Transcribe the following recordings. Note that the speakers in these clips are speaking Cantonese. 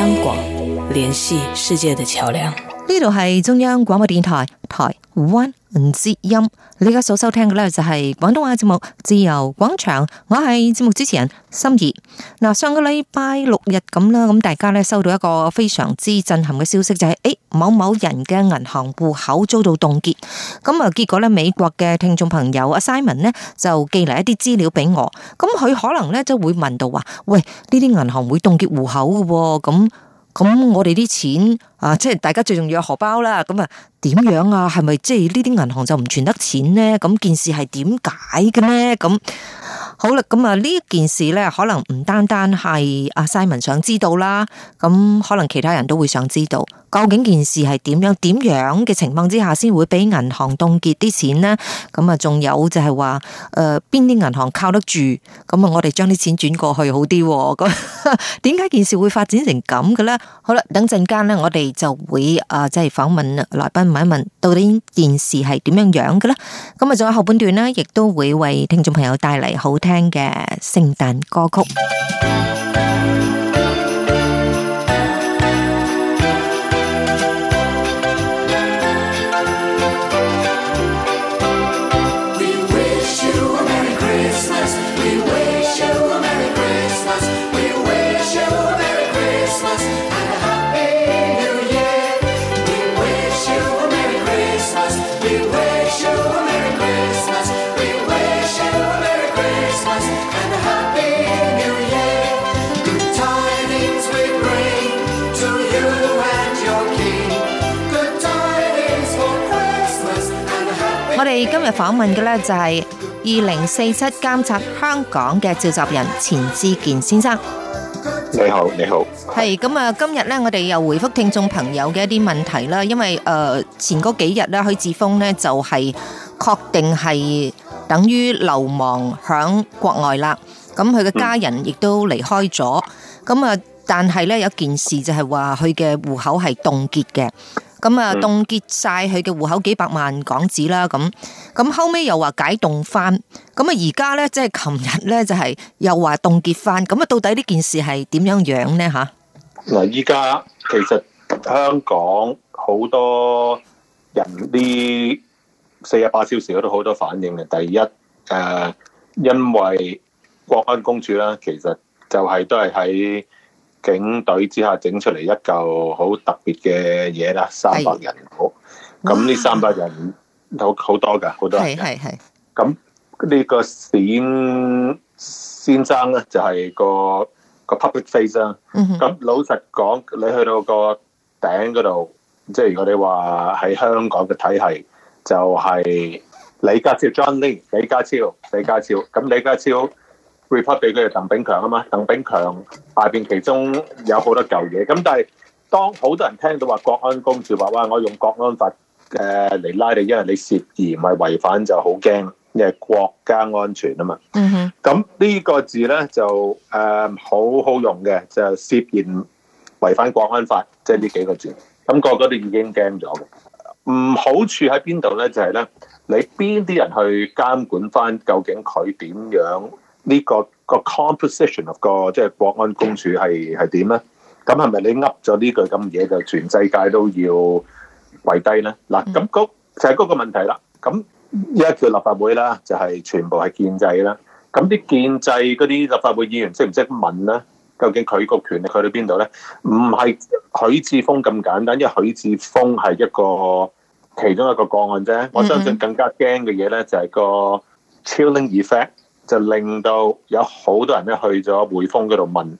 央廣，聯繫世界的橋樑。呢度係中央廣播電台台灣之音，你而家所收聽嘅咧就係廣東話節目《自由廣場》，我係節目主持人心儀。嗱，上個禮拜六日咁啦，咁大家咧收到一個非常之震撼嘅消息，就係、是、誒某某人嘅銀行戶口遭到凍結。咁啊，結果咧美國嘅聽眾朋友阿 Simon 呢就寄嚟一啲資料俾我，咁佢可能咧就會問到話，喂，呢啲銀行會凍結戶口嘅，咁。咁我哋啲錢啊，即係大家最重要嘅荷包啦。咁啊，點樣啊，係咪即係呢啲銀行就唔存得錢呢？咁件事係點解嘅呢？咁好啦，咁啊呢一件事咧，可能唔單單係阿 Simon 想知道啦，咁可能其他人都會想知道。究竟件事係點樣點樣嘅情況之下，先會俾銀行凍結啲錢呢？咁啊，仲有就係話，誒、呃，邊啲銀行靠得住？咁啊，我哋將啲錢轉過去好啲，哦。咁點解件事會發展成咁嘅呢？好啦，等陣間呢，我哋就會啊，即、呃、係、就是，訪問來賓問一問，到底件事係點樣樣嘅呢？咁啊，仲有後半段呢，亦都會為聽眾朋友帶嚟好聽嘅聖誕歌曲。我哋今日訪問嘅，咧就係二零四七監察香港嘅召集人錢志健先生。你好，你好。係咁啊！今日咧，我哋又回覆聽眾朋友嘅一啲問題啦。因為誒，前嗰幾日咧，許智峰咧就係確定係等於流亡響國外啦。咁佢嘅家人亦都離開咗。咁啊，但係咧有一件事就係話佢嘅戶口係凍結嘅。咁啊，凍結晒佢嘅戶口幾百萬港紙啦，咁、嗯、咁後尾又話解凍翻，咁啊而家咧，即係琴日咧，就係、是就是、又話凍結翻，咁啊到底呢件事係點樣樣咧？吓嗱，依家其實香港好多人啲四十八小時都好多反應嘅，第一誒、呃，因為國安公署啦，其實就係都係喺。警隊之下整出嚟一嚿好特別嘅嘢啦，三百人島。咁呢三百人好好多噶，好多係係係。咁呢個閃先生咧，就係、是那個是、就是那個 public face 啦。咁老實講，你去到那個頂嗰度，即、就、係、是、如果你話喺香港嘅體系，就係、是、李家超、John Lee、李家超、李家超。咁李家超。report 俾佢係鄧炳強啊嘛，鄧炳強下邊其中有好多舊嘢，咁但係當好多人聽到話國安公署話，哇！我用國安法誒嚟拉你，因為你涉嫌係、就是、違反就好、是、驚，因為國家安全啊嘛。咁、mm、呢 -hmm. 個字咧就誒、嗯、好好用嘅，就涉嫌違反國安法，即係呢幾個字。咁、那個嗰都已經驚咗嘅。唔好處喺邊度咧？就係、是、咧，你邊啲人去監管翻，究竟佢點樣？呢、這個、那個 composition of 個即係、就是、國安公署係係點咧？咁係咪你噏咗呢句咁嘢就全世界都要跪低咧？嗱，咁就係嗰個問題啦。咁依家叫立法會啦，就係、是、全部係建制啦。咁啲建制嗰啲立法會議員識唔識問咧？究竟佢個權力去到邊度咧？唔係許智峰咁簡單，因為許智峰係一個其中一個個案啫。我相信更加驚嘅嘢咧，就係個 chilling effect。就令到有好多人咧去咗匯豐嗰度問，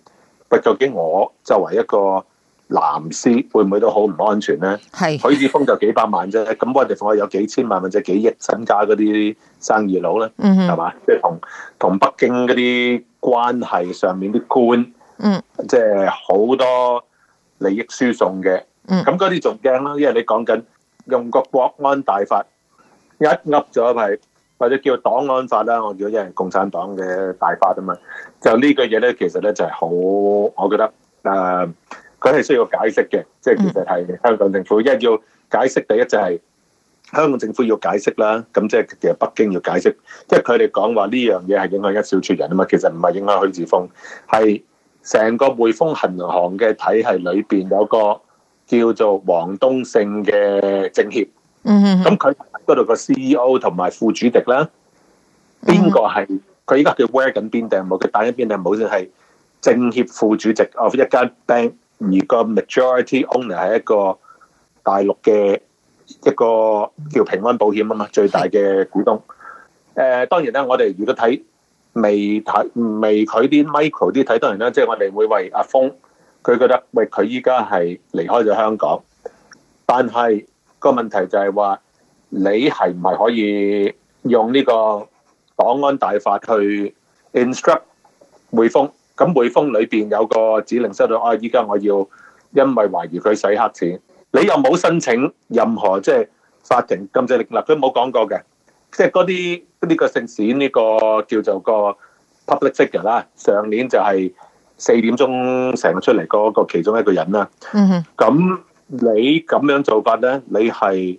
喂，究竟我作為一個藍絲，會唔會都好唔安全咧？係，許智峰就幾百萬啫，咁嗰啲放有幾千萬或者幾億身家嗰啲生意佬咧，係嘛？mm-hmm。即係同同北京嗰啲關係上面啲官，嗯，即係好多利益輸送嘅，咁嗰啲仲驚咯，因為你講緊用個國安大法一噏咗咪。或者叫檔案法啦，我如果因為共產黨嘅大法啊嘛，就呢個嘢咧，其實咧就係好，我覺得誒，佢、呃、係需要解釋嘅，即、就、係、是、其實係香港政府一要解釋，第一就係、是、香港政府要解釋啦，咁即係其實北京要解釋，即係佢哋講話呢樣嘢係影響一小撮人啊嘛，其實唔係影響許智峰，係成個匯豐銀行嘅體系裏邊有一個叫做黃東勝嘅政協，咁佢。嗰度個 CEO 同埋副主席啦，邊個係佢？依家叫 wear 緊邊頂帽？佢戴緊邊頂帽？先係政協副主席，of 一間 bank，而個 majority owner 係一個大陸嘅一個叫平安保險啊嘛，最大嘅股東。誒，當然啦，我哋如果睇未睇未佢啲 Michael 啲睇，當然啦，即係我哋會為阿峰佢覺得喂，佢依家係離開咗香港，但係個問題就係話。你係唔係可以用呢個國安大法去 instruct 匯豐？咁匯豐裏邊有個指令收到，啊，依家我要因為懷疑佢使黑錢，你又冇申請任何即係法庭禁制令啦。佢冇講過嘅，即係嗰啲呢個姓氏呢個叫做個 public figure 啦。上年就係四點鐘成日出嚟嗰個其中一個人啦。咁你咁樣做法咧，你係？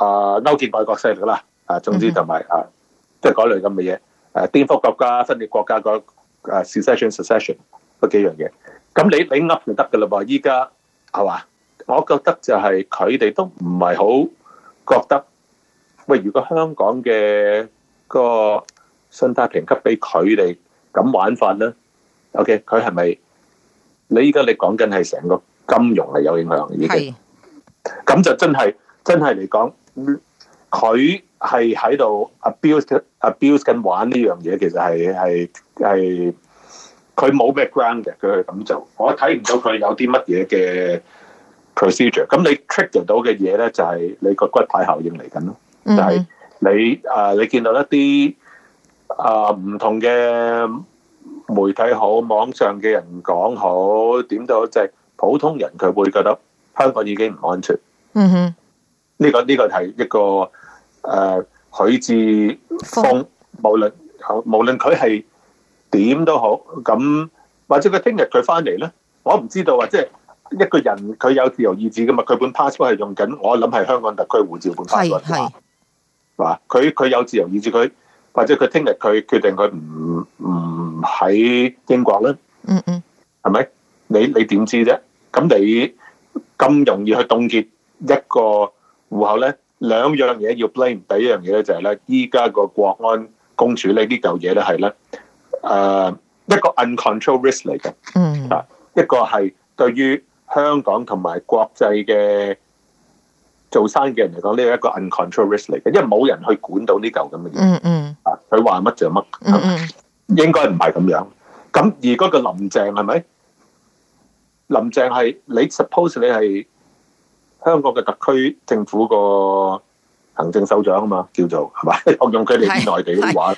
啊，勾結外國勢力啦，啊，總之同埋啊，即係嗰類咁嘅嘢，誒，顛覆國家，分裂國家個誒，secession secession 嗰幾樣嘢，咁你你噏就得噶啦喎！依家係嘛？我覺得就係佢哋都唔係好覺得，喂，如果香港嘅個信貸評級俾佢哋咁玩法咧，OK，佢係咪？你依家你講緊係成個金融係有影響嘅，咁就真係真係嚟講。佢係喺度 abuse、abuse 跟玩呢樣嘢，其實係係係，佢冇 background 嘅，佢係咁做，我睇唔到佢有啲乜嘢嘅 procedure。咁你 trigger 到嘅嘢咧，就係你個骨牌效應嚟緊咯，就係你啊，你見到一啲啊唔同嘅媒體好，網上嘅人講好，點到即係普通人，佢會覺得香港已經唔安全。嗯哼。呢個呢個係一個誒許智峰，無論無論佢係點都好，咁或者佢聽日佢翻嚟咧，我唔知道啊！即係一個人佢有自由意志噶嘛？佢本 passport 係用緊，我諗係香港特區護照本 passport 啊嘛，嗱佢佢有自由意志，佢或者佢聽日佢決定佢唔唔喺英國咧，嗯嗯，係咪？你你點知啫？咁你咁容易去凍結一個戶口咧，兩樣嘢要 blame。第一樣嘢咧就係咧，依家個國安公署呢呢嚿嘢咧係咧，誒一個 uncontrolled risk 嚟嘅。嗯。啊，一個係、mm -hmm. 對於香港同埋國際嘅做生意嘅人嚟講，呢一個 uncontrolled risk 嚟嘅，因為冇人去管到呢嚿咁嘅嘢。嗯、mm、嗯 -hmm.。啊，佢話乜就乜。嗯嗯。應該唔係咁樣。咁而嗰個林鄭係咪？林鄭係你 suppose 你係？香港嘅特區政府個行政首長啊嘛，叫做係嘛，我用佢哋內地話，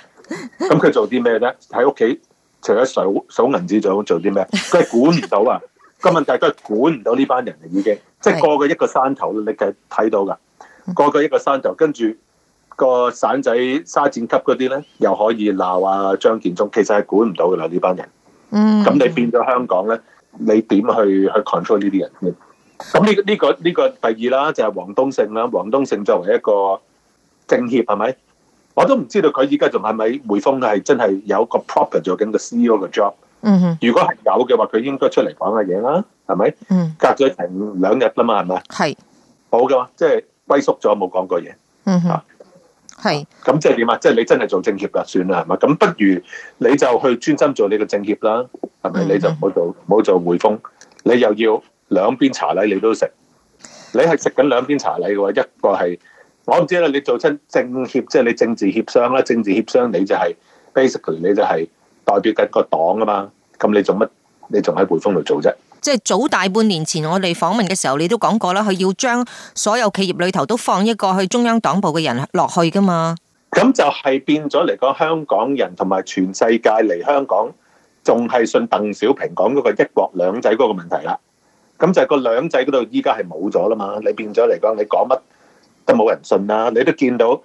咁佢做啲咩咧？喺屋企除咗數數銀紙，仲做啲咩？佢係管唔到啊！個 問題都係管唔到呢班人啊，已經即係過嘅一個山頭，你睇到噶，過嘅一個山頭，跟住個散仔沙展級嗰啲咧，又可以鬧啊張建宗其實係管唔到噶啦呢班人。咁、嗯、你變咗香港咧，你點去去 control 呢啲人？咁呢、這個？呢、這個呢、這個第二啦，就係、是、王冬勝啦。王冬勝作為一個政協，係咪？我都唔知道佢而家仲係咪匯豐係真係有一個 proper 做緊個 CEO 嘅 job。如果係有嘅話，佢應該出嚟講下嘢啦，係咪？Mm -hmm. 隔咗成兩日啦嘛，係咪？係、mm -hmm.，好、就、嘅、是，即係龜縮咗，冇講過嘢。係。咁即係點啊？即、mm、係 -hmm. 就是、你真係做政協噶，算啦，係咪？咁不如你就去專心做你嘅政協啦，係咪？Mm -hmm. 你就唔好做唔好做匯豐，你又要。兩邊茶禮你都食，你係食緊兩邊茶禮嘅話，一個係我唔知啦，你做出政協，即係你政治協商啦，政治協商你就係 basically 你就係代表緊個黨啊嘛。咁你做乜？你仲喺匯豐度做啫？即係早大半年前我哋訪問嘅時候，你都講過啦，佢要將所有企業裏頭都放一個去中央黨部嘅人落去噶嘛。咁就係變咗嚟講，香港人同埋全世界嚟香港，仲係信鄧小平講嗰個一國兩制嗰個問題啦。咁就係個兩仔嗰度，依家係冇咗啦嘛！你變咗嚟講，你講乜都冇人信啦！你都見到，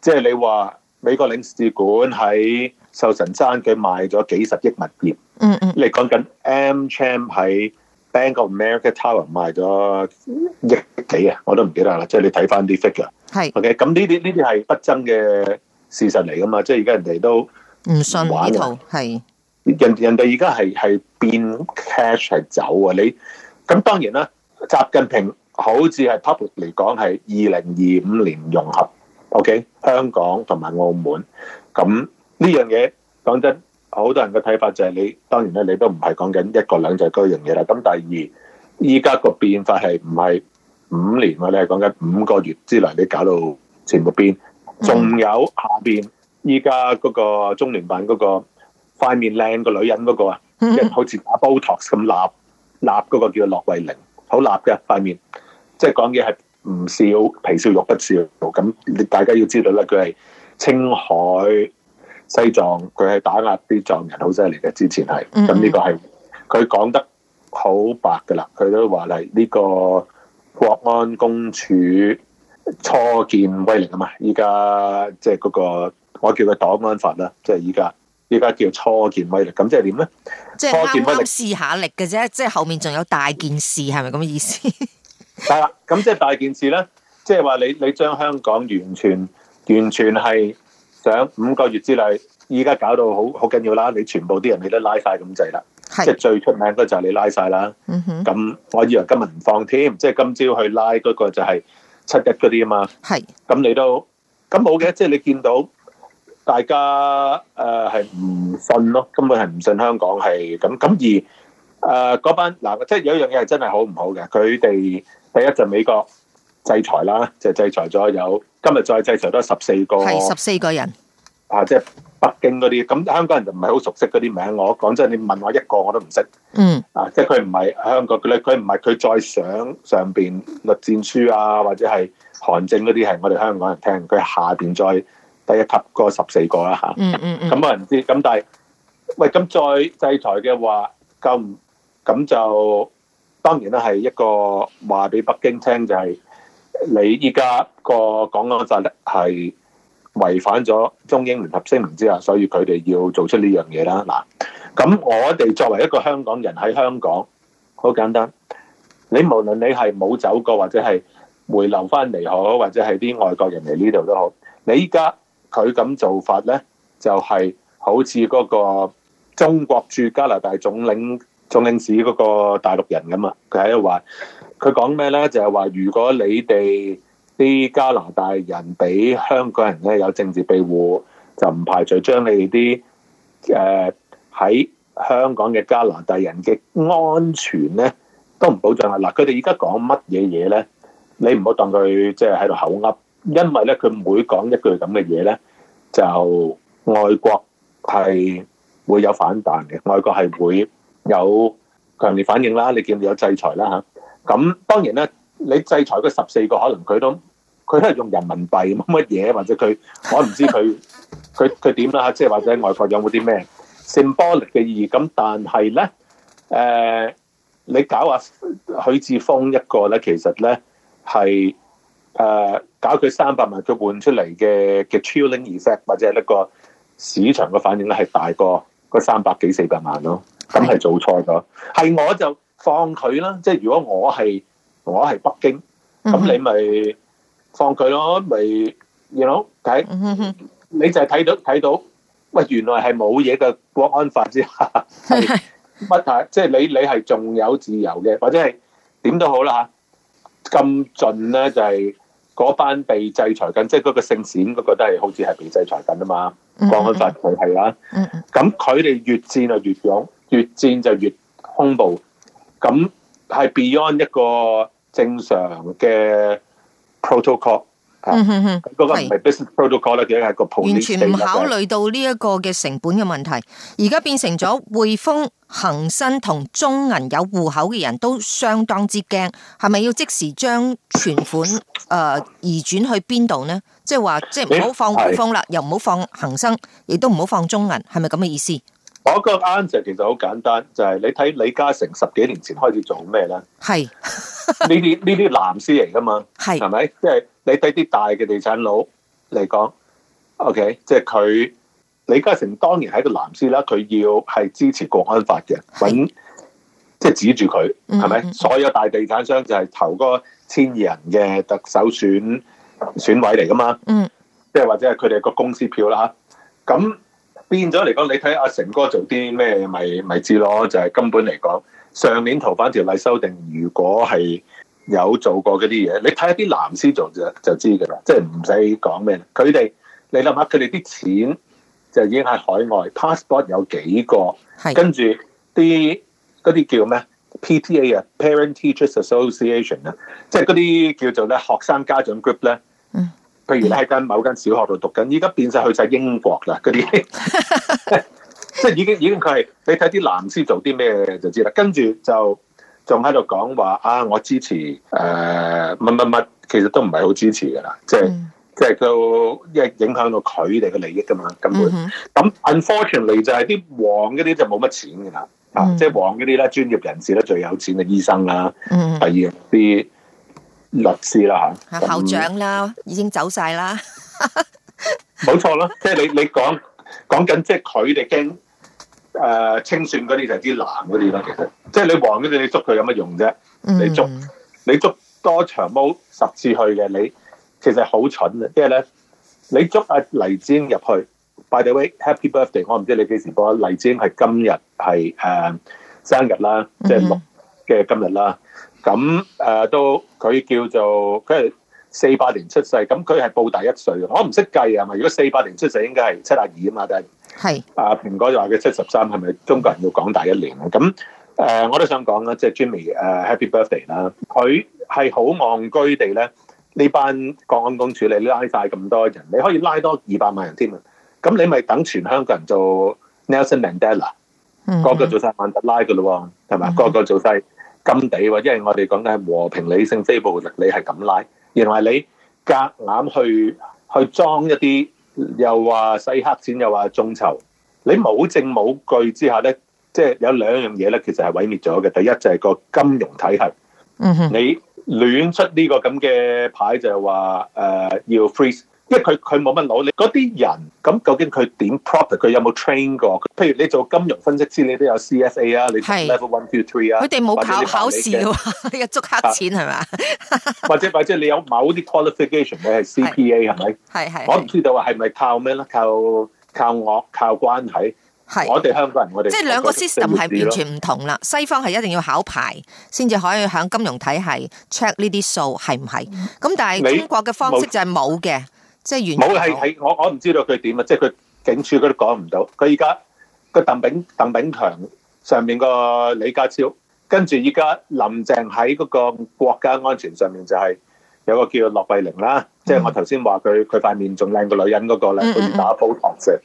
即係你話美國領事館喺壽臣山佢賣咗幾十億物業。嗯嗯，你講緊 AmCham 喺 Bank of America Tower 賣咗億幾啊？我都唔記得啦，即係你睇翻啲 figure。係。O. K. 咁呢啲呢啲係不爭嘅事實嚟噶嘛？即係而家人哋都唔信呢套係人人哋而家係係變 cash 係走啊！你咁當然啦，習近平好似係 public 嚟講係二零二五年融合，OK？香港同埋澳門，咁呢樣嘢講真，好多人嘅睇法就係你當然咧，你都唔係講緊一個兩制嗰樣嘢啦。咁第二，依家個變化係唔係五年啊？你係講緊五個月之內你搞到全部變，仲有下邊依家嗰個中聯辦嗰個塊面靚個女人嗰個，即係好似打 Botox 咁立。立嗰個叫駱惠寧，好立嘅塊面，即、就、係、是、講嘢係唔笑，皮笑肉不笑。咁你大家要知道啦，佢係青海西藏，佢係打壓啲藏人好犀利嘅，之前係。咁呢個係佢講得好白嘅啦，佢都話係呢個國安公署初見威力啊嘛！依家即係嗰個我叫佢黨安法啦，即係依家。依家叫初見威力，咁即係點咧？即係初見威力，啱啱試下力嘅啫，即係後面仲有大件事，係咪咁嘅意思？係 啦，咁即係大件事咧，即係話你你將香港完全完全係想五個月之內，依家搞到好好緊要啦，你全部啲人你都拉晒咁滯啦，即係最出名都就係你拉晒啦。咁、嗯、我以為今日唔放添，即係今朝去拉嗰個就係七一嗰啲啊嘛。係，咁你都咁冇嘅，即係你見到。大家誒係唔信咯，根本係唔信香港係咁咁而誒嗰班嗱，即係有一樣嘢係真係好唔好嘅。佢哋第一就美國制裁啦，就是、制裁咗有今日再制裁都係十四個係十四個人啊！即係北京嗰啲咁，香港人就唔係好熟悉嗰啲名字。我講真，你問我一個我都唔識。嗯啊，即係佢唔係香港佢咧，佢唔係佢再想上上邊栗戰書啊，或者係韓正嗰啲係我哋香港人聽，佢下邊再。第一級個十四個啦嚇，咁我唔知。咁但係，喂，咁再制裁嘅話，咁咁就當然啦，係一個話俾北京聽就係你依家個港案就係違反咗中英聯合聲明之下，所以佢哋要做出呢樣嘢啦。嗱，咁我哋作為一個香港人喺香港，好簡單，你無論你係冇走過或者係回流翻嚟好，或者係啲外國人嚟呢度都好，你依家。佢咁做法咧，就係好似嗰個中國駐加拿大總領總領事嗰個大陸人咁啊！佢喺度話：佢講咩咧？就係話，如果你哋啲加拿大人畀香港人咧有政治庇護，就唔排除將你哋啲誒喺香港嘅加拿大人嘅安全咧都唔保障啊。嗱，佢哋而家講乜嘢嘢咧？你唔好當佢即係喺度口噏。因為咧，佢每講一句咁嘅嘢咧，就外國係會有反彈嘅，外國係會有強烈反應啦。你見到有制裁啦嚇，咁當然咧，你制裁佢十四個，可能佢都佢都係用人民幣乜嘢，或者佢我唔知佢佢佢點啦嚇，即係或者外國有冇啲咩 symbolic 嘅意義，咁但係咧，誒，你搞阿許智峰一個咧，其實咧係。誒、啊，搞佢三百萬，佢換出嚟嘅嘅 chilling effect 或者呢個市場嘅反應咧，係大過嗰三百幾四百萬咯。咁係做錯咗，係我就放佢啦。即係如果我係我係北京，咁你咪放佢咯。咪 you know，睇，你就係睇到睇到，喂，原來係冇嘢嘅國安法之下，係乜即係你你係仲有自由嘅，或者係點都好啦吓。咁盡咧就係、是。嗰班被制裁緊，即係嗰個性質應該覺得係好似係被制裁緊啊嘛，國安法佢係啦，咁佢哋越戰就越勇，越戰就越兇暴，咁係 beyond 一個正常嘅 protocol。嗯嗯嗯，係、 那個、完全唔考慮到呢一個嘅成本嘅問題，而家變成咗匯豐、恒生同中銀有戶口嘅人都相當之驚，係咪要即時將存款誒移轉去邊度呢？即係話，即係唔好放匯豐啦，又唔好放恒生，亦都唔好放中銀，係咪咁嘅意思？我個答案其實好簡單，就係、是、你睇李嘉誠十幾年前開始做咩咧？係呢啲呢啲藍絲嚟噶嘛？係係咪？即係。你對啲大嘅地產佬嚟講，OK，即係佢李嘉誠當然係個藍絲啦，佢要係支持國安法嘅，揾即係指住佢，係咪？所有大地產商就係投嗰千二人嘅特首選選委嚟㗎嘛？嗯，即係或者係佢哋個公司票啦。咁變咗嚟講，你睇阿成哥做啲咩咪咪知咯，就係、是、根本嚟講，上年逃犯條例修訂，如果係。有做過嗰啲嘢，你睇下啲藍絲做就知道了就知噶啦，即係唔使講咩。佢哋你諗下，佢哋啲錢就已經喺海外，passport 有幾個，跟住啲嗰啲叫咩 PTA 啊，Parent Teachers Association 啦，即係嗰啲叫做咧學生家長 group 咧。譬如你喺間某間小學度讀緊，依家變晒去晒英國啦，嗰啲即係已經已經佢係你睇啲藍絲做啲咩就知啦，跟住就。仲喺度講話啊！我支持誒乜乜乜，其實都唔係好支持噶啦，即係即係佢即係影響到佢哋嘅利益噶嘛，根本。咁、mm -hmm. unfortunately 就係啲黃嗰啲就冇乜錢噶啦，mm -hmm. 啊，即、就、係、是、黃嗰啲咧，專業人士咧最有錢嘅醫生啦，mm -hmm. 第二啲律師啦嚇，校、啊、長啦、啊嗯、已經走晒啦，冇 錯啦，即、就、係、是、你你講講緊即係佢哋驚誒清算嗰啲就係啲藍嗰啲啦，mm -hmm. 其實。即係你黃咁你你捉佢有乜用啫？你捉你捉多長毛十次去嘅你，其實好蠢嘅。即係咧，你捉阿黎智英入去。By the way，Happy birthday！我唔知道你幾時播，黎智英是，係今日係誒生日啦，即係六嘅今日啦。咁、mm、誒 -hmm. 啊、都佢叫做佢四八年出世，咁佢係報大一歲嘅。我唔識計啊嘛。如果四八年出世應該係七十二啊嘛，但係阿、啊、蘋果就話佢七十三，係咪中國人要講大一年咁誒，我都想講啦，即係 Jimmy 誒 Happy Birthday 啦。佢係好戇居地咧，呢班國安公處理拉晒咁多人，你可以拉多二百萬人添啊！咁你咪等全香港人做 Nelson Mandela，、mm -hmm. 個個做晒曼德拉噶咯，係咪？Mm -hmm. 個個做晒金地喎，因為我哋講緊和平理性非暴力。是這你係咁拉，原來你隔硬去去裝一啲，又話洗黑錢，又話眾籌，你冇證冇據之下咧。即係有兩樣嘢咧，其實係毀滅咗嘅。第一就係個金融體系，嗯、你亂出呢個咁嘅牌就係話誒要 freeze，因為佢佢冇乜腦。你嗰啲人咁究竟佢點 profit？佢有冇 train 過？譬如你做金融分析師，你都有 CFA 啊，你做 level one two three 啊，佢哋冇考考試喎，有足黑錢係嘛？或者，你你或者，或者你有某啲 qualification，你係 CPA 係咪？係係。我唔知道話係咪靠咩咧？靠靠惡靠關係。就是，係我哋香港人，我哋即係兩個 system 係完全唔同啦。西方係一定要考牌，先至可以喺金融體系 check 呢啲數係唔係。咁但係中國嘅方式就係冇嘅，即係完全冇，係係我我唔知道佢點啊！即係佢警署佢都講唔到。佢而家個鄧炳鄧炳強，上面個李家超，跟住依家林鄭喺嗰個國家安全上面就係有個叫駱惠寧啦。即、嗯、係我頭先話佢佢塊面仲靚過女人嗰，那個咧，好、嗯、似、嗯嗯、打煲糖蔗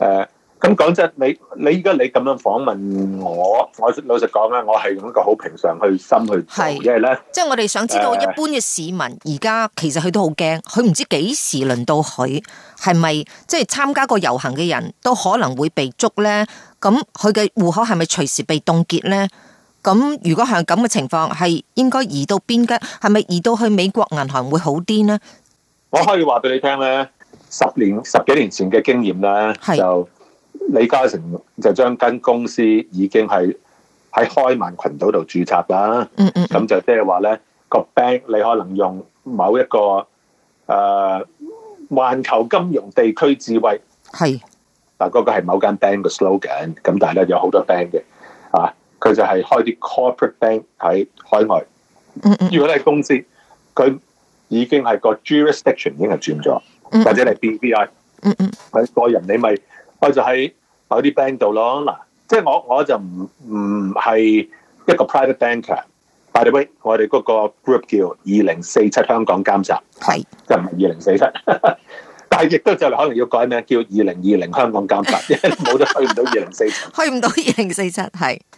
誒。咁講真，你現在你依家你咁樣訪問我，我老實講啦，我係用一個好平常去心去做，因為咧，即係我哋想知道一般嘅市民而家其實佢都好驚，佢、呃、唔知幾時輪到佢，係咪即係參加過遊行嘅人都可能會被捉咧？咁佢嘅戶口係咪隨時被凍結咧？咁如果係咁嘅情況，係應該移到邊間？係咪移到去美國銀行會好啲呢？我可以話俾你聽咧，十年十幾年前嘅經驗咧就。李嘉誠就將間公司已經係喺開曼群島度註冊啦、嗯嗯。咁就即係話咧，個 bank 你可能用某一個誒、呃、環球金融地區智慧。係。嗱，嗰個係某間 bank 嘅 slogan。咁但係咧有好多 bank 嘅，啊，佢就係開啲 corporate bank 喺海外。嗯嗯，如果你係公司，佢已經係個 jurisdiction 已經係轉咗，嗯嗯，或者係 BVI 佢、嗯嗯、個人你咪？我就喺我啲 bank 度咯，嗱，即係我我就唔唔係一個 private banker，by the way，我哋嗰個 group 叫二零四七香港監察，係，就唔係二零四七，但係亦都就可能要改名叫二零二零香港監察， 去唔到二零四七， 二零四七，啊、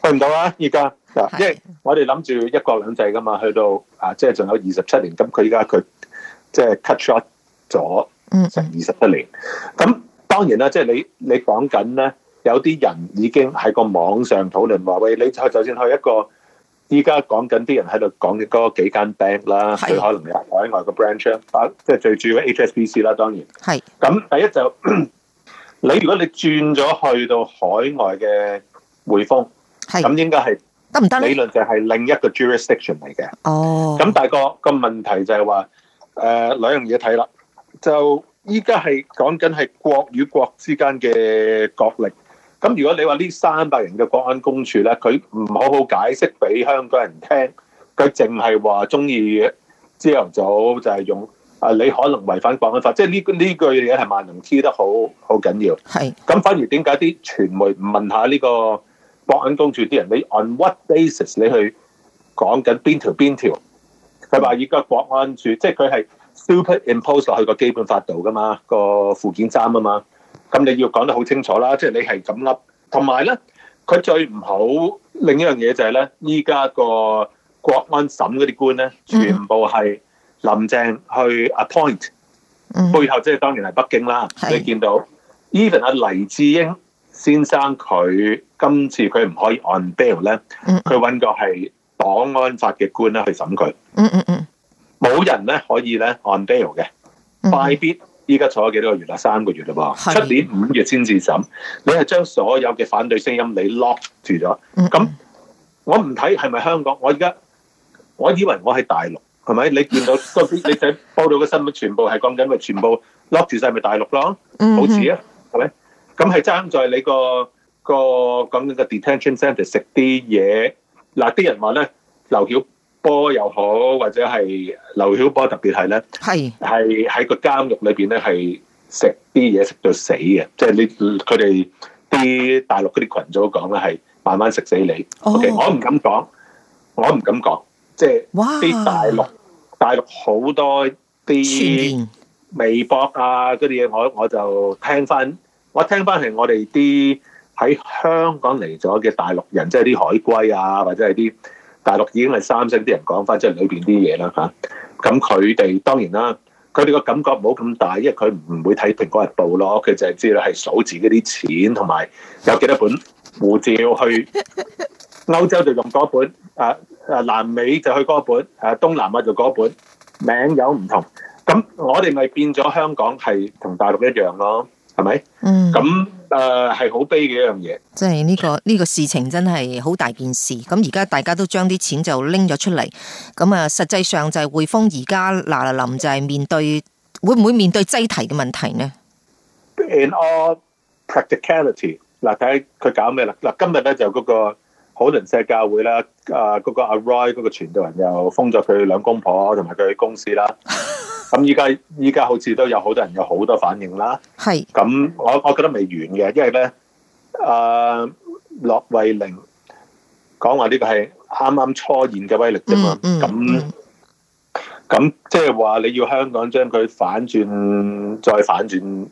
因為冇得去，唔到二零四七，去唔到二零四七，去唔到二零四七，係，去唔到啊，而家，嗱，因為我哋諗住一國兩制噶嘛，去到啊，即係仲有二十七年咁，佢而家佢即係 cut short 咗成二十七年，咁。就是當然啦，即係你你講緊咧，有啲人已經喺個網上討論話喂，你去就算去一個，依家講緊啲人喺度講嘅嗰幾間 bank 啦，佢可能有海外嘅 branch，即係最主要是 HSBC 啦，當然。係。咁第一就是，你如果你轉咗去到海外嘅匯豐，係，咁應該係得唔得咧？理論就係另一個 jurisdiction 嚟嘅。哦。咁大個個問題就係話，誒，呃，兩樣嘢睇啦，就。依家係講緊係國與國之間嘅角力。咁如果你話呢三百人嘅國安公署咧，佢唔好好解釋俾香港人聽，佢淨係話鍾意朝頭早就係用啊，你可能違反國安法，即係呢呢句嘢係萬能 T 得好好緊要。係。咁反而點解啲傳媒唔問下呢個國安公署啲人，你 on what basis 你去講緊邊條邊條？佢話而家國安署即係佢係。就是他是 Superimpose 落去個基本法度噶嘛，個附件三啊嘛，咁你要講得好清楚啦，即、就、係、是、你係咁笠，同埋咧，佢最唔好另一樣嘢就係、是、咧，依家個國安審嗰啲官咧，全部係林鄭去 appoint，、嗯、背後即係當然係北京啦。你見到 even 阿黎智英先生佢今次佢唔可以按 bail 咧，佢揾個係檔案法嘅官咧去審佢。嗯嗯嗯。嗯嗯。冇人咧可以咧 on bail 嘅，快必，依家坐咗幾多個月啦，三個月啦噃，出年五月先至審。你係將所有嘅反對聲音你 lock 住咗，咁、mm -hmm. 我唔睇係咪香港，我而家我以為我喺大陸，係咪？你見到 你睇報道嘅新聞全的，全部係講緊咪，全部 lock 住曬咪大陸咯，好似啊，係咪？咁係爭在你個、嗰個、嗰個講緊嘅 detention centre 食啲嘢，嗱啲人話咧，劉曉。波又好，或者係劉曉波，特別係咧，係係喺個監獄裏邊咧，係食啲嘢食到死嘅，即係你佢哋啲大陸嗰啲群組講啦，係慢慢食死你。哦，okay，我唔敢講，我唔敢講，即係啲大陸大陸好多啲微博啊嗰啲嘢，我我就聽翻，我聽翻係我哋啲喺香港嚟咗嘅大陸人，即係啲海歸啊，或者係啲。大陸已經係三星啲人講翻，即係裏邊啲嘢啦嚇。咁佢哋當然啦，佢哋個感覺唔好咁大，因為佢唔會睇《蘋果日報》咯，佢就係知道係數自己啲錢同埋有幾多本護照去歐洲就用嗰本，啊啊南美就去嗰本，啊東南亞就嗰本，名有唔同。咁我哋咪變咗香港係同大陸一樣咯，係咪？嗯。咁。誒、uh，係好悲嘅一樣嘢，即係呢個呢個事情真係好大件事。咁而家大家都將啲錢就拎咗出嚟，咁啊，實際上就係匯豐而家嗱嗱臨，就係面對會唔會面對擠提嘅問題呢？In all practicality，嗱，睇佢搞咩啦。嗱，今日咧就、嗰個好鄰舍教會啦、啊，啊嗰、那個阿 Roy 嗰個傳道人又封咗佢兩公婆同埋佢公司啦、啊。咁依家依家好似都有好多人有好多反應啦、啊。係。 咁我我覺得未完嘅，因為咧，啊，駱惠寧講話呢個係啱啱初現嘅威力啫嘛、啊。咁咁即係話你要香港將佢反轉再反轉。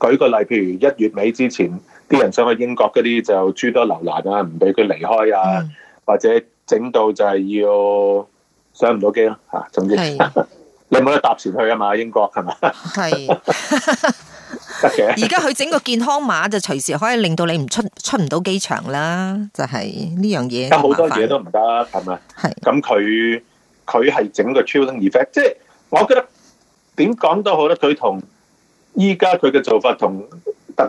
舉個例，譬如一月尾之前。啲人想去英國嗰啲就諸多留難啊，唔俾佢離開啊，嗯、或者整到就係要上唔到機咯吓，總之 你冇得搭船去啊嘛，英國係嘛？係得嘅。而家佢整個健康碼就隨時可以令到你唔出出唔到機場啦，就係、是、呢樣嘢。但好多嘢都唔得，係咪？係咁佢佢係整個 chilling effect，即係我覺得點講都好咧，佢同依家佢嘅做法同。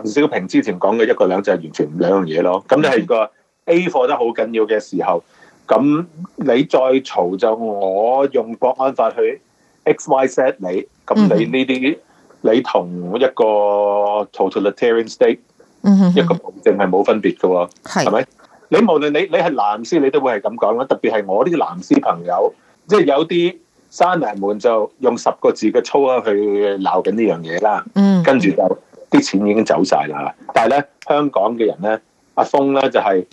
鄧小平之前講嘅一個兩就係完全唔兩樣嘢咯。咁你係個 A 貨得好緊要嘅時候，咁你再嘈就我用國安法去 X Y Z 你，咁你呢啲你同一個 totalitarian state 一個暴政係冇分別噶，係咪？你無論你你係藍絲，你都會係咁講啦，特別係我呢啲藍絲朋友，即係有啲閂埋門就用十個字嘅粗口去鬧緊呢樣嘢啦，跟住就。啲錢已經走晒啦，但係咧香港嘅人咧，阿峰咧就係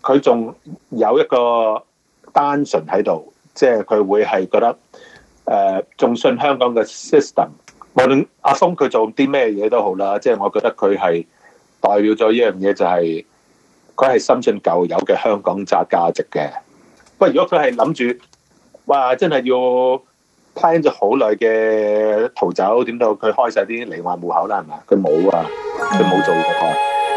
佢仲有一個單純喺度，即係佢會係覺得誒仲、呃、信香港嘅 system，無論阿峰佢做啲咩嘢都好啦，即係我覺得佢係代表咗呢樣嘢，就係佢係深信舊有嘅香港扎價值嘅。不過如果佢係諗住哇，真係要～plan 咗好耐嘅逃走，點到佢開晒啲離岸戶口啦，係咪？佢冇啊，佢冇做過。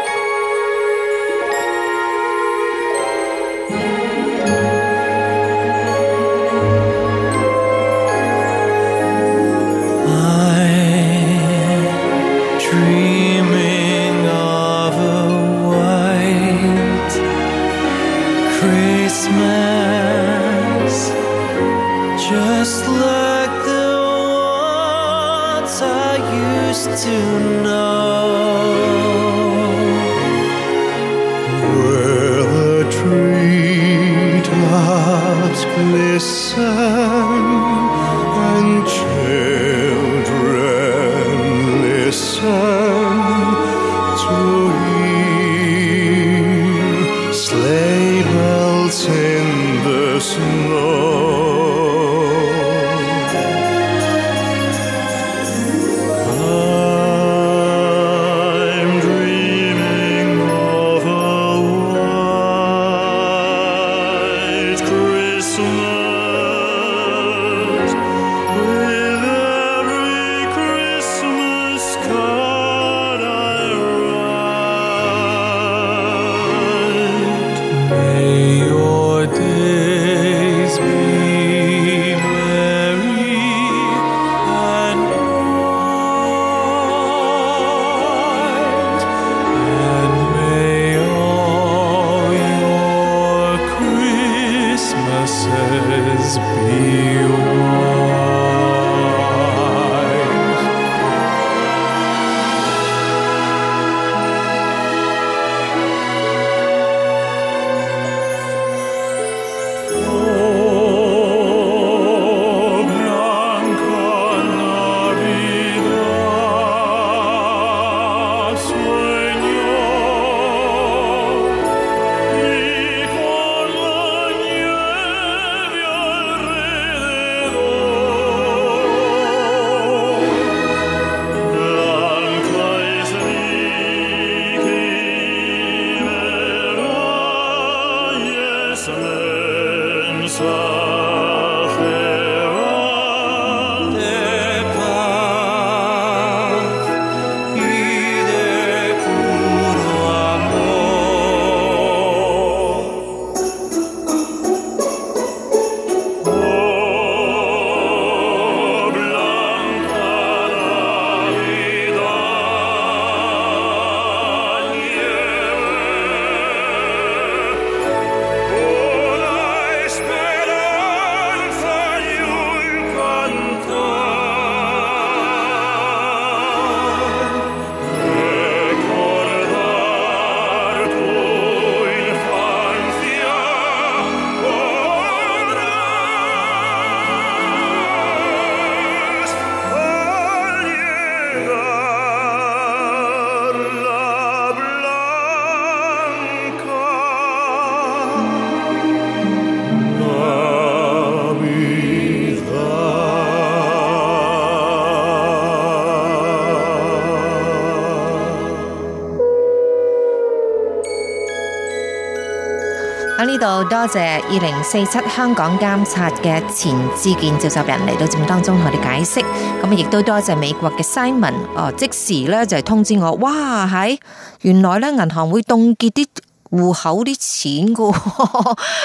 呢度多謝二零四七香港監察嘅錢志健召集人嚟到節目當中同我哋解釋，咁啊亦都多謝美國嘅 Simon 哦即時咧就係通知我，哇喺原來咧銀行會凍結啲戶口啲錢噶，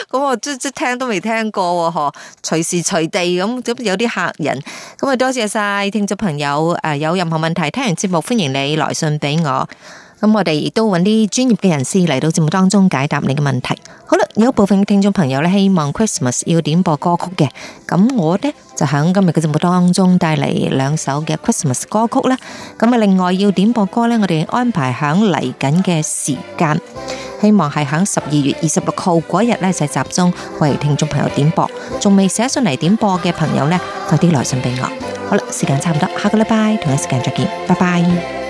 咁我即即聽都未聽過嗬，隨時隨地咁，總有啲客人，咁啊多謝晒聽眾朋友誒，有任何問題聽完節目，歡迎你來信俾我。咁我哋亦都揾啲專業嘅人士嚟到節目當中解答你嘅問題。好啦，有一部分聽眾朋友咧希望 Christmas 要點播歌曲嘅，咁我咧就喺今日嘅節目當中帶嚟兩首嘅 Christmas 歌曲啦。咁啊，另外要點播歌咧，我哋安排響嚟緊嘅時間，希望係響十二月二十六號嗰日咧就集中為聽眾朋友點播。仲未寫信嚟點播嘅朋友咧，快啲來信俾我。好啦，時間差唔多，下個禮拜同一時間再見，拜拜。